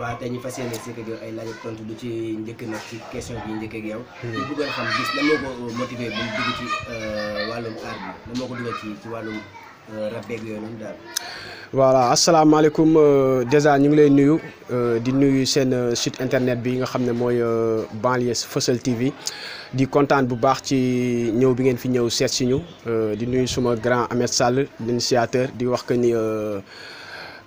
waaw tey ñu fas yéene si ay laaj ak ci njëkk nag ci bi njëkk ak yow. Hmm. ñu bëggoon xam gis lan moo ñu ngi lay nuyu euh, di nuyu seen euh, site internet bi nga xam ne mooy euh, Banlieue Fësal TV di kontaan bu baax ci ñëw bi ngeen fi ñëw seet si ñu di nuyu suma grand Ahmed Sall l'initiateur di wax que ni.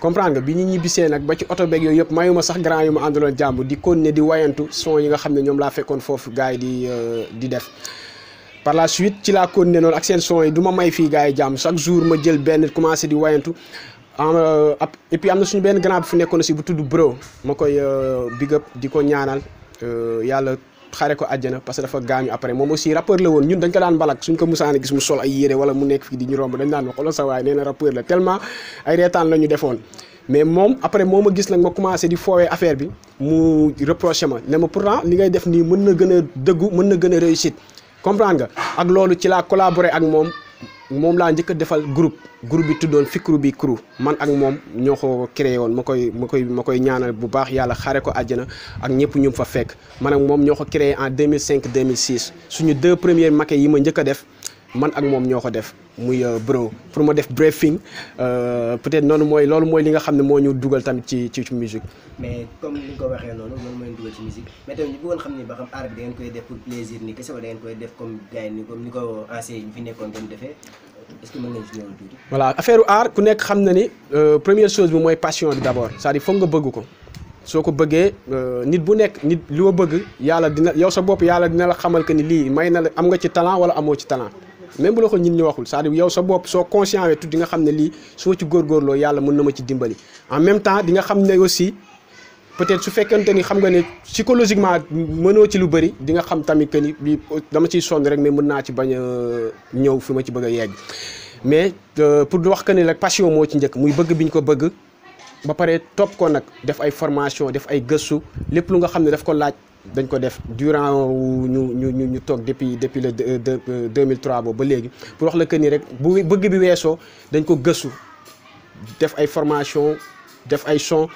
comprendre nga bi ñu ñibbisee nag ba ci oto beeg yooyu yëpp mayu ma sax grand yu ma àndaloon jàmb di continuer di wayantu son yi nga xam ne ñoom laa fekkoon foofu gaay di euh, di def par la suite ci laa continuer noonu ak seen son yi du may fii gars yi jàmm chaque jour ma jël benn commencé di wayantu ab euh, et puis am na suñu benn grand bi fu nekkoon si bu tudd bro ma koy euh, big di ko ñaanal yàlla xare ko àjjana parce que dafa gaañu après moom aussi rappeur la woon ñun dañ ko daan balak suñ ko musaane gis mu sol ay yére wala mu nekk fii di ñu romb dañ daan wax xoolal sa waay la tellement ay reetaan la defoon mais moom après moo ma gis nag ma commencé di foowee affaire bi mu reproché ma ne ma pourtant li ngay def nii mën na gën a dëggu mën na gën a réussite comprendre nga ak loolu ci laa collaboré ak moom moom laa njëkk defal groupe group bi tuddoon fikru bi crew man ak moom ñoo ko créé woon ma koy ma koy ma koy ñaanal bu baax yàlla xare ko àjjana ak ñëpp ñu fa fekk man ak moom ñoo ko créé en 2005 2006 suñu deux premiers maquets yi ma njëkk def man ak moom ñoo ko def muy euh, bro pour ma def briefing euh, peut-être noonu mooy loolu mooy li nga xam ne moo ñu dugal tamit ci ci ci mais comme ni nga ko waxee noonu loolu mooy dugal ci musique mais tamit ñu bëggoon xam koy def pour plaisir ni kese wala koy def comme gars yi ni ko ancien yi fi nekkoon doon defee est-ce que nga ñëw tuuti. voilà affaire art ku nekk xam na ni euh, première chose bi mooy passion bi d'abord c'est-à-dire nga bëgg ko. soo ko bëggee nit bu nekk nit li ma bëgg yàlla dina yow sa bopp yàlla dina la xamal que ni lii may na la am nga ci talent wala amoo ci talent même bu la ko ñin ñu waxul c'est-à-dire yow sa bopp soo conscient wee tuuti di nga xam ne lii su ma ci góorgóorloo yàlla mën na ma ci dimbali en même temps di nga xam ne aussi peut-être su fekkente ni xam nga ne psychologiquement mënoo ci lu bëri di nga xam tamit que ni bi dama ciy sonn rek mais mën naa ci bañ a euh, ñëw fi ma ci bëgg a yegg mais euh, pour wax que ne la passion moo ci njëkk muy bëgg bi ñu ko bëgg ba pare topp ko nag def ay formation def ay gëstu lépp lu nga xam ne daf ko laaj dañ ko def durant ñu ñu ñu ñu toog depuis depuis le 2003 boobu ba léegi pour wax la que ni rek bu bëgg bi weesoo dañ ko gëstu def ay formation def ay son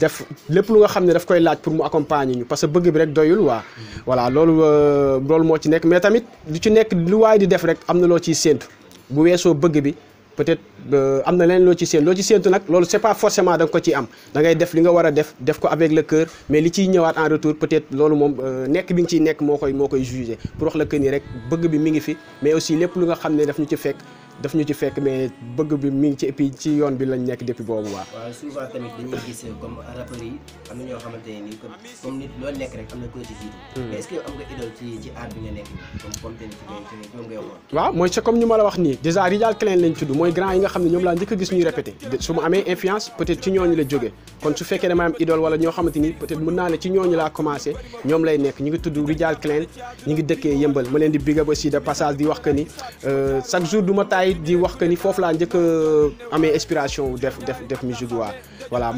def lépp lu nga xam ne daf koy laaj pour mu accompagner ñu parce que bëgg bi rek doyul waa voilà loolu euh, loolu moo ci nekk mais tamit lu ci nekk lu waay di def rek am na loo ciy séentu bu weesoo bëgg bi peut-être euh, am na leen loo ci séen loo ci séentu nag loolu c'est pas forcément da ko ciy am da ngay def li nga war a def def ko avec le cœur mais li ciy ñëwaat en retour peut-être loolu moom euh, nekk bi nga ciy nekk moo koy moo koy jugé pour wax la que ni rek bëgg bi mi ngi fi mais aussi lépp lu nga xam ne daf ñu ci fekk daf ñu ci fekk mais bëgg bi mi ngi ci et ci yoon bi lañ nekk depuis boobu waa. waaw souvent tamit dañuy gis comme rappeur yi am na ñoo xamante ne nii comme nit loolu nekk rek am na ko ci jiitu. mais est-ce que am nga idole ci ci art bi nga nekk comme comme tey ci ñoom ngay wax. waaw mooy c'est comme ñu ma la wax nii déjà Rijal Klein lañ tudd mooy grand yi nga xam ne ñoom laa njëkk a gis ñuy répété. su ma amee influence peut-être ci ñooñu la jógee kon su fekkee dama am idole wala ñoo xamante ni peut-être mën naa ne ci ñooñu laa commencé ñoom lay nekk ñu ngi tudd Rijal Klein ñu ngi dëkkee yëmbal ma leen di big up aussi de passage di wax que ni euh, chaque jour du ma taay laay di wax que ni foofu laa njëkk a amee inspiration def def def musique waa voilà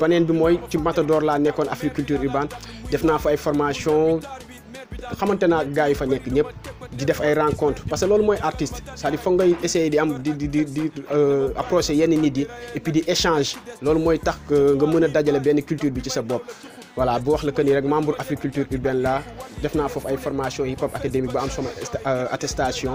beneen bi mooy ci Matador laa nekkoon agriculture urbaine def naa fa ay formation xamante naa gars yi fa nekk ñëpp di def ay rencontre parce que loolu mooy artiste c'est-à-dire foog ngay essayer di am di di di di euh, approcher yenn nit yi et puis di échange loolu mooy tax nga mën a dajale benn culture bi ci sa bopp voilà bu wax la que ni rek membre agriculture urbaine la def naa foofu ay formation hip hop académique ba am sama euh, attestation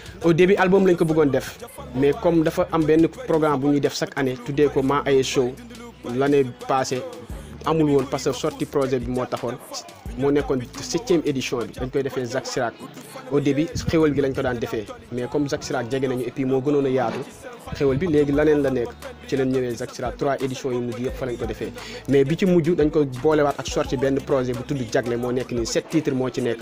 au début album lañ ko bëggoon def mais comme dafa am benn programme bu ñuy def chaque année tuddee ko maa aye show l'année passée amul woon parce que sorti projet bi moo taxoon moo nekkoon septième édition bi dañ koy defee Jacques Chirac au début xéwal gi lañ ko daan defee mais comme Jacques Chirac jege nañu et puis moo gënoon a yaatu xéwal bi léegi laneen la nekk ci leen ñëwee Zack Sira trois éditions yu mujj yëpp fa lañ ko defee mais bi ci mujj dañ ko boolewaat ak sorti benn projet bu tudd jagle moo nekk nii sept moo ci nekk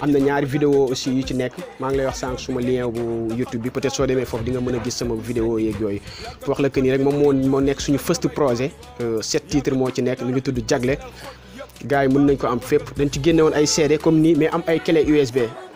am na ñaari vidéo aussi yu ci nekk maa ngi lay wax sànq suma lien bu YouTube bi demee foofu di nga mën a gis sama vidéo yeeg yooyu wax nii rek moom moo moo nekk suñu first projet euh, sept titres moo ci nekk mi ngi tudd jagle gars yi mën nañ ko am fépp dañ ci génne ay CD comme nii mais am ay clé USB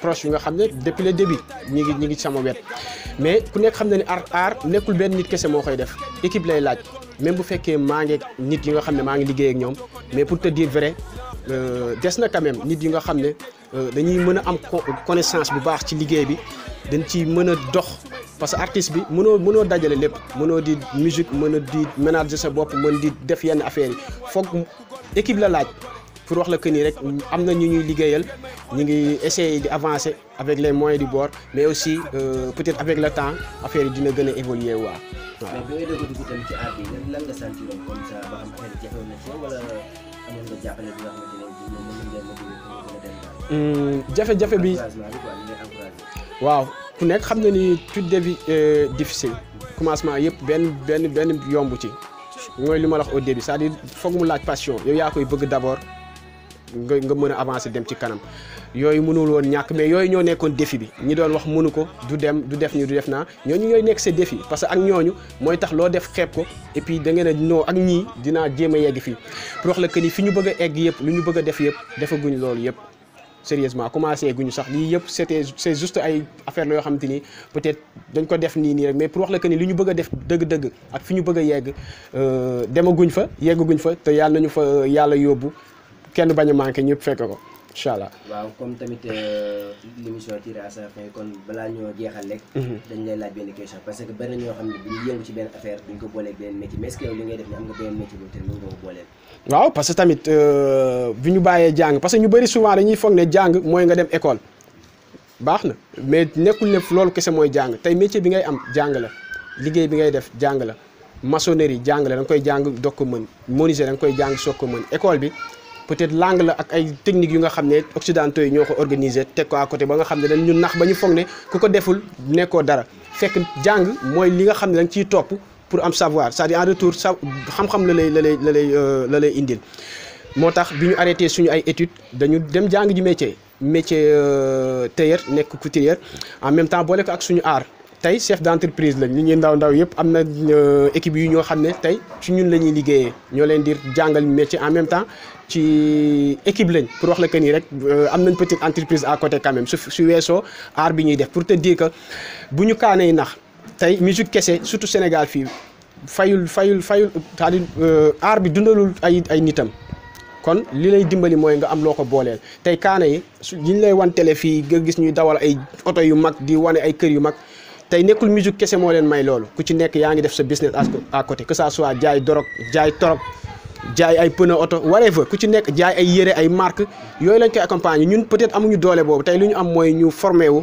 proche yu nga xamné depuis le début ñi ngi ñi ngi sama wet mais ku nek xamné ne art aar aar nekkul nit kessé mo koy def équipe lay laaj même bu féké maa ngi nit yi nga xamné ne maa ngi liggéey ak ñom mais pour te dire vrai euh dess na quand même nit yi nga xamné ne euh, dañuy mëna am connaissance bu baax ci liggéey bi dañ ci mëna dox parce que artiste bi mëno mëno dajalé lépp mëno di musique mëno di ménager sa bop mëno di def yenn affaire yi foog équipe la laaj pour wax la que ni rek amna ñu ñuy ligéyal ñu ngi essayer di avancer avec les moyens du bord mais aussi euh, peut-être avec le temps affaire yi dina gëna a évoluer waa. waaw mais booy dugg dugg tam ci aar bi lan nga sentir comme ça ba am affaire jafe na ci wala amoon nga jappalé bi nga xamante ne bii moom mën ngeen mën a dem. Hmm, bi waaw ku nek xam na ni toute début euh, difficile commencement yépp ben ben ben yomb ci mooy li wax au début c'est-à-dire foog mu laaj passion yow ya koy bëgg d'abord nga nga avancer dem ci kanam yooyu mënul won ñak mais yooyu ñoo nekkoon défi bi ñi doon wax mënu ko du dem du def ni du def na ñoñu ñooy nekk ces défi parce que ak ñoñu moy tax lo def xép ko et puis da ngeen a noo ak ñi dina jéem yegg fi pour wax la que ni fiñu bëgg egg yépp lu ñu bëgg def yépp yëpp guñ loolu yépp sérieusement commencé guñu sax li yépp c'était c'est juste ay affaire lo xamanteni peut-être dañ ko def ni ni rek mais pour wax la que ni li ñu bëgg def deug deug ak fiñu bëgg a yegg euh, demaguñ fa yeggaguñ fa te yalla nañu fa euh, yalla yobbu kenn bañ a manqué ñëpp fekk ko incha allah. waaw comme tamit euh, l' émission tire à sa fin kon balaa ñoo jeexal rek. Mhm. dañ lay laaj benn question parce que bari na xam ne bu ñu yëngu ci benn ko booleeg benn métier mais est ce que waaw parce que tamit euh, bi ñu bàyyee jàng parce que ñu bëri souvent dañuy foog ne jàng mooy nga dem école baax na mais nekkul ne loolu kese mooy jàng tey métier bi ngay am jàng la liggéey bi ngay def jàng la maçonnerie jàng la da koy jàng doog ko mën menuisier da nga koy jàng soog ko mën école bi. peut-être langue la ak ay techniques yu nga xam ne occidentaux yi ñoo ko organisé teg ko à côté ba nga xam ne dañ ñu nax ba ñu foog ne ku ko deful nekkoo dara fekk jàng mooy li nga xam ne dañ ciy topp pour am savoir cest à en retour sa xam-xam la lay la lay la lay euh, la lay indil moo tax bi ñu arrêté suñu ay études dañu dem jàng ji métier métier euh, tailleur nekk couturier en même temps boo ko ak suñu aar tey chef d'entreprise lañ li ñuy ndaw ndaw yëpp am na euh, équipe yu ñoo xam ne tey ci ñun la ñuy liggéeyee ñoo leen di jàngal métier en même temps ci équipe lañ pour wax la que ni rek euh, am nañ petite entreprise à côté quand même su su weesoo aar bi ñuy def pour te di ka bu ñu yi nax tey musique kese surtout Sénégal fii fayul fayul fayul c'est-à-dire euh, aar bi dundalul ay ay nitam. kon li lay dimbali mooy nga am loo ko booleel tey kaana yi su ñu lay wan télé fii nga gis ñuy dawal ay oto yu mag di wane ay kër yu mag tey nekkul musique kese moo leen may loolu ku ci nekk yaa ngi def sa business à côté que ça soit jaay dorog jaay torop jaay ay pneu oto waree fa ku ci nekk jaay ay yére ay marque yooyu lañ koy accompagner ñun peut-être amuñu doole boobu tey lu ñu am mooy ñu formé wu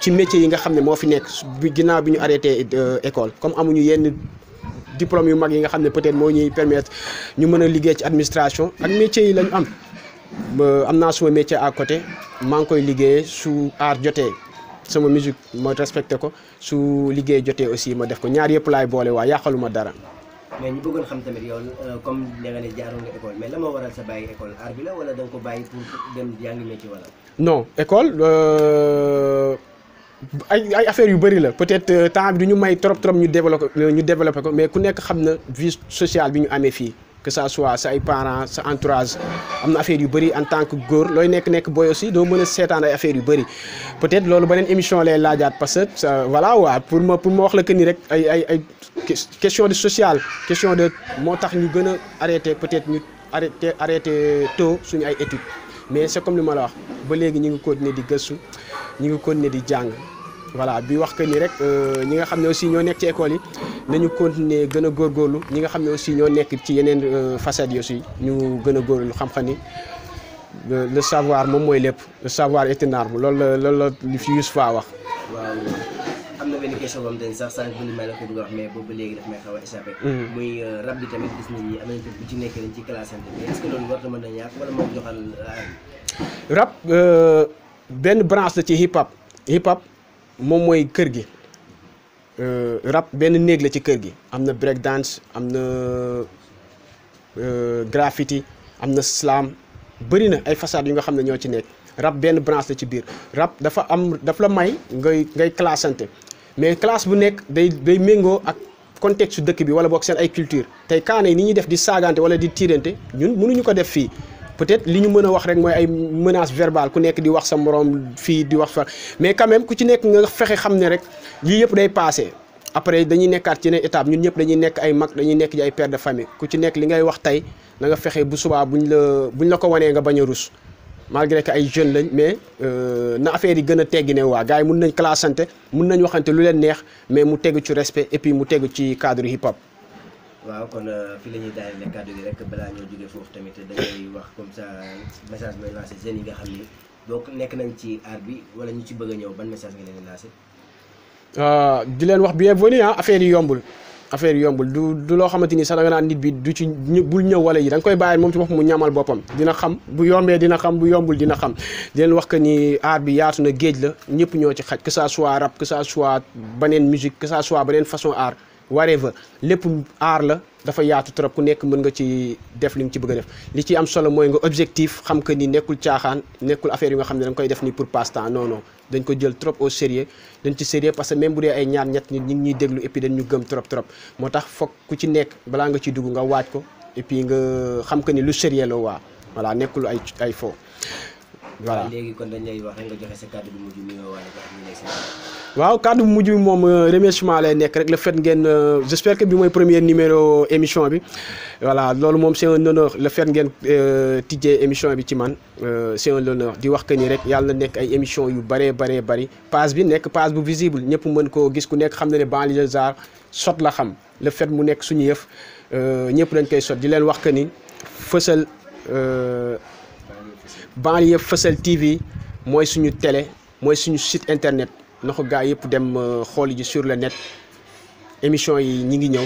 ci métier yi nga xam ne moo fi nekk bi ginnaaw bi ñu arrêté euh, école comme amuñu yenn diplôme yu mag yi nga xam ne peut-être moo ñuy permettre ñu mën a liggéey ci administration ak métier yi lañu am am naa suma métier à côté maa ngi koy liggéeyee su aar jotee sama musique ma respecté ko su liggéey jotee aussi ma def ko ñaar yëpp laay boole waa yàqalu ma dara. mais ñu bëggoon xam tamit ne euh, comme da nga ne jaaroon nga école mais la ma waral sa bàyyi école art bi la wala da nga ko bàyyi pour dem jàngi métier wala. non école euh, ay ay affaires yu bëri la peut-être euh, temps bi du ñu may trop trop ñu développé ñu développé ko mais ku nekk xam na vie sociale bi ñu amee fii. que ça soit sa parents sa entourage am affaire yu bari en tant que gor loy nek nek boy aussi do meuna a ay affaire yu bari peut-être lolu benen émission lay laajaat parce que euh, voilà wa pour moi pour moi wax la que ni rek ay ay ay question de social question de motax ñu gëna arrêter peut-être ñu arrêter arrêter tôt suñu ay études mais c'est comme li ma la wax ba légui ñi ngi continuer di gëssu ñi ngi continuer di jang voilà bi wax que ni rek euh, ñi nga xam ne aussi ñoo nekk ci école yi nañu continuer gën a góorlu ñi nga xam ne aussi ñoo nekk ci yeneen euh, facettes yi aussi ñu gën a góorlu xam-xam ni le savoir moom mooy lépp le savoir est une arme loolu la loolu la li fi Youssoupha wax. na benn question boo xam ne wax mais boobu léegi daf may xaw a échappé. Mhm. muy euh, rab bi tamit gis nañ ni am nañu bu ci nekk nañ ci classe est ce que loolu war na mën a ñàkk wala joxal. rab benn branche la ci hip hop hip hop. moom mooy kër gi euh, rab benn néeg la ci kër gi am na break dance am na euh, graffiti am na slam bëri na ay façade yu nga xam ne ñoo ci nekk rab benn branche la ci biir rab dafa am daf la may ngay ngay classante mais classe bu nekk day day méngoo ak contexte dëkk bi wala boog seen ay culture tey kaane yi ni ñuy def di saagante wala di tiirante ñun mënuñu ko def fii peut-être li ñu mën a wax rek mooy ay menace verbale ku nekk di wax sa moroom fii di wax fa mais quand même ku ci nekk nga fexe xam ne rek lii yëpp day passé après dañuy nekkaat ci ne ñun ñëpp dañuy nekk ay mag dañuy nekk ci ay père de famille ku ci nekk li ngay wax tey na nga fexe bu subaa buñ la buñ la ko wanee nga bañ a rus malgré que ay jeunes lañ mais euh, na affaire yi gën a teggi ne waa gars yi mun nañ classante mun nañ waxante lu leen neex mais mu teg ci respect et puis mu tegu ci cadre hip hop waaw kon euh, fi la ñuy daanele kàddu rek balaa ñoo jógee foofu tamit dañuy wax comme ça message may lancé jeunes yi nga xam ni donc nekk nañ ci aar bi wala ñu ci bëgg a ñëw ba message nga leen di lancé. Ah, di leen wax bienvenue ah affaire yi yombul affaire yi du du loo xamante ni sax da nga naan nit bi bul ñëw wala yi da nga koy bàyyi moom ci wax mu ñamal boppam dina xam bu yombee dina xam bu yombul dina xam di wax que ni aar bi yaatu na géej la ñëpp ñoo ci xaj que ça soit rap que ça soit beneen musique que ça soit beneen façon aar. whatever lépp aar la dafa yaatu trop ku nekk mën nga ci def lu nga ci bëgg def li ci am solo mooy nga objectif xam que ni nekkul caaxaan nekkul affaire yi nga xam ne da koy def nii pour passe temps non non dañ ko jël trop au sérieux dañ ci sérieux parce que même bu ay ñaar ñett nit ñi ngi ñuy déglu et puis dañ ñu gëm trop trop moo tax foog ku ci nekk balaa nga ciy dugg nga waaj ko et puis nga xam que ni lu sérieux la waa voilà nekkul ay ay fo voilà léegi kon dañ lay wax waaw kàddu bu mom bi euh, remerciement lay nekk rek le fait ngeen euh, que bi moy premier numéro émission bi voilà loolu mom c'est un honneur le fait ngène euh, tijjee émission bi ci man c'est un honneur di wax que ni rek yalla nek ay émission yu baré baré bari passe bi nek passe bu visible ñep mën ko gis ku nek xam na banlieue Banlieusard sot la xam le fait mu nek suñu yëf ñep lañ koy sot di leen wax que ni euh Banlieue feussel TV moy suñu télé moy suñu site internet nous avons eu yëpp dem euh, sur le net émission est ñi ngi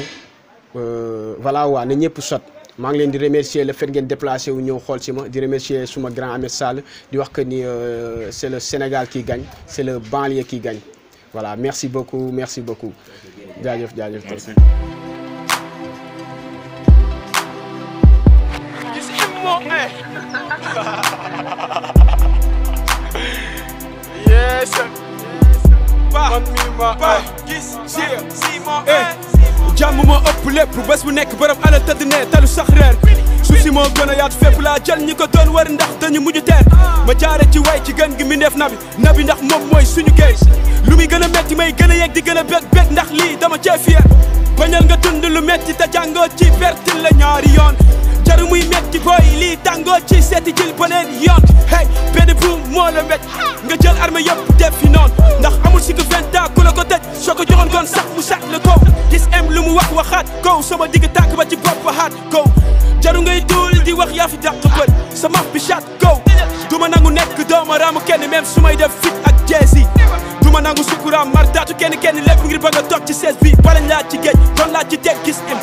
euh, voilà nous sommes ñëpp sot je ngi leen di remercier le fait ngeen déplacé wu ñëw Je si remercier suma grand ami Sal. di que euh, c'est le Sénégal qui gagne c'est le banlieue qui gagne voilà merci beaucoup merci beaucoup d'ailleurs jaajëf Yes, man mii ma gis jéem si ma ay jàmm ma ëpp lépp bés bu nekk borom alal tëdd ne talu sax reer suuf si moo gën a yaatu fépp laa jël ñi ko doon war ndax dañu mujj teer ma jaare ci way ci gën gi mi nabi ndax moom moy suñu géej lu muy gën a metti may gën a yegg di gën a bég bég ndax lii dama cee fier bañal nga dund lu metti te jàngoo ci pertil la ñaari yoon jaru muy metti booy lii tàngoo ci seeti jël beneen yoon hey benn buum moo la met nga jël arme yëpp def fi noonu ndax amul si ko vingt ans la ko tëj soo ko joxoon goon sax mu sax la ko gis em lu mu wax waxaat kow sama digg tànk ba ci bopp waxaat kow jaru ngay duul di wax yaa fi dàq sama sa maf bi chat kow du nangu nekk dooma raamu kenn même su may def fit ak jeesi ma nangu sukuraam mar daatu kenn kenn lépp ngir ba nga toog ci sees bi balañ laa ci géej doon laa ci teg gis em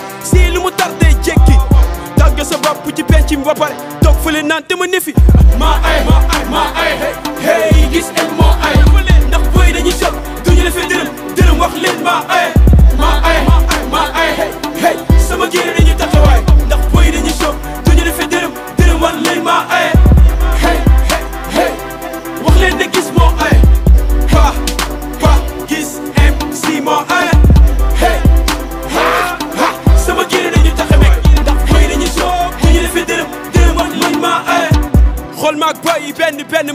sa bopp ci pencim ba ma nefi my ay my ay ma hey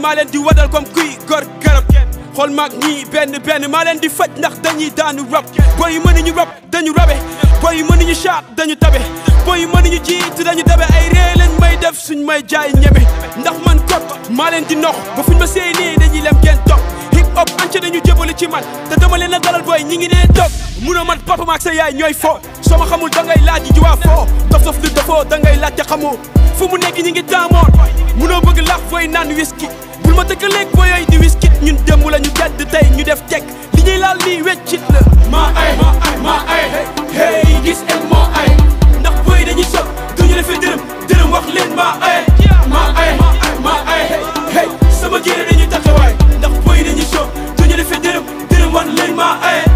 maa leen di wadal comme kuy gor garab xool maag ñii benn benn maa leen di faj ndax dañuy daanu rab boy yi mënuñu rab dañu rabe boy yi mënuñu caat dañu tabe boy yi mënuñu jiit dañu dabe ay ree leen may def suñ may jaay ñeme ndax man kot maa leen di nox ba fuñ ma séenee dañuy lem kenn topp hip hop ance dañu jébali ci man te dama leen a dalal booy ñi ngi nee toog mun a man papa maag sa yaay ñooy fo soo xamul da ngay laaj ji waa foo dof dof lu dafoo da ngay laaj te xamoo fu mu nekk ñi ngi taamoon munoo bëgg lax fooy ma tëkkaleeg booyooy di wiskit ñun démb la ñu jàdd tey ñu def tek li ñuy laal nii weccit la. maa ay maa ay maa ay hey gis el moo ay ndax booy dañuy sob duñu defee dërëm dërëm wax leen maa ay. maa sama génne dañuy taxawaay ndax booy dañuy sob duñu defee dërëm dërëm wax leen maa ay.